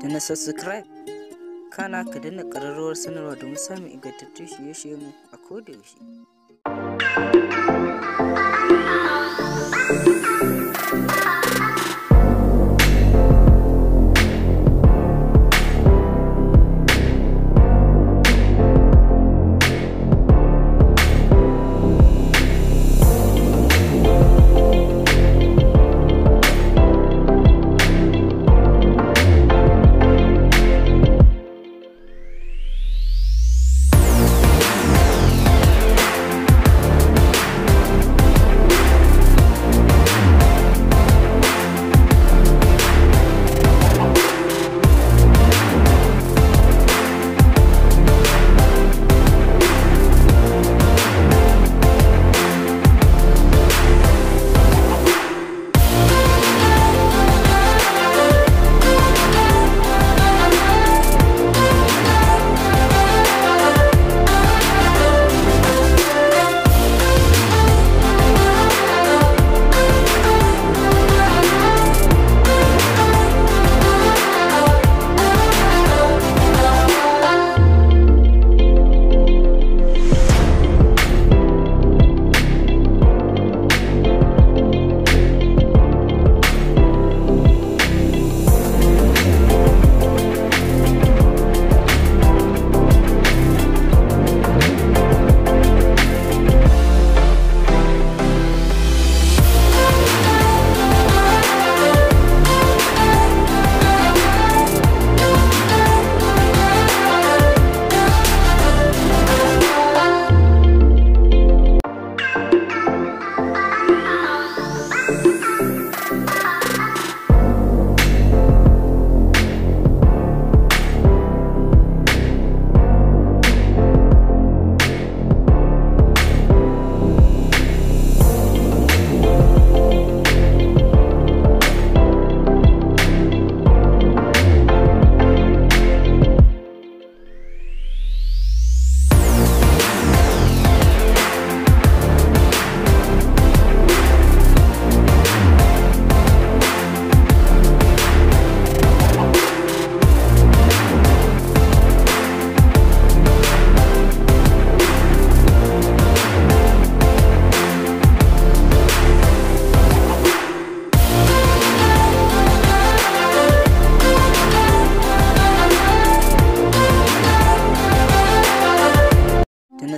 da na subscribe kana ka dana kararrawar sanarwa domin samun ingantattun shirye-shiryenmu a kodayaushe.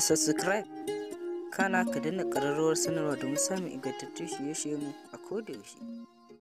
subscribe kana ka danna ƙararrawar sanarwa domin samun ingantattun shirye-shiryenmu a kodayaushe